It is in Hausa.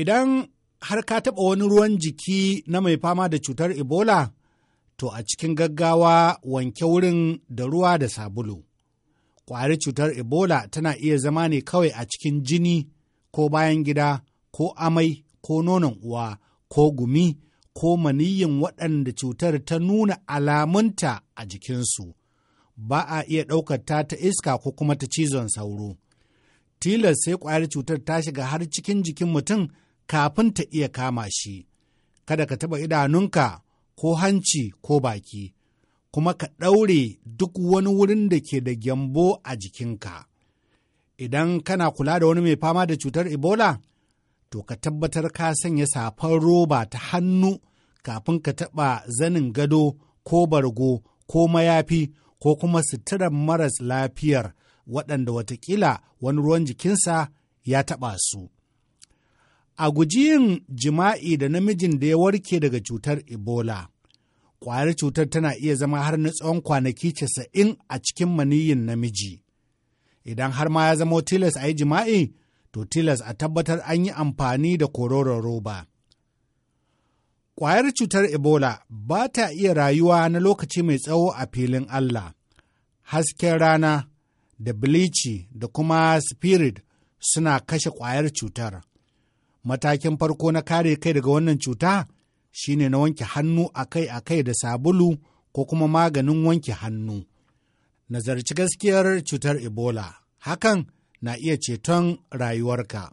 Idan har ka taɓa wani ruwan jiki na mai fama da cutar Ebola, to a cikin gaggawa wanke wurin da ruwa da sabulu. Ƙwari cutar Ebola tana iya zama ne kawai a cikin jini ko bayan gida ko amai ko nonon uwa ko gumi ko maniyyin waɗanda cutar ta nuna alamunta a jikinsu. Ba a iya ɗaukar ta ta iska ko kuma ta cizon sauro. Tilas sai ƙwayar cutar ta shiga har cikin jikin mutum kafin ta iya kama shi, kada ka taɓa idanunka ko hanci ko baki, kuma ka ɗaure duk wani wurin da ke da gyambo a jikinka. Idan kana kula da wani mai fama da cutar Ebola, to ka tabbatar ka sanya safar roba ta hannu kafin ka taɓa zanin gado ko bargo ko mayafi ko kuma suturar maras lafiyar waɗanda watakila wani ruwan jikinsa ya taɓa su. A guji yin jima'i da namijin da ya warke daga cutar Ebola. Ƙwayar cutar tana iya zama har na tsawon kwanaki casa'in a cikin maniyin namiji. Idan har ma ya zama tilas a yi jima'i, to tilas a tabbatar an yi amfani da kororon roba. Ƙwayar cutar Ebola ba ta iya rayuwa na lokaci mai tsawo a filin Allah. Hasken rana da bilici da kuma spirit suna kashe ƙwayar cutar. matakin farko na kare kai daga wannan cuta shine na wanke hannu akai-akai da sabulu ko kuma maganin wanke hannu. Nazarci gaskiyar cutar Ebola, hakan na iya ceton rayuwarka.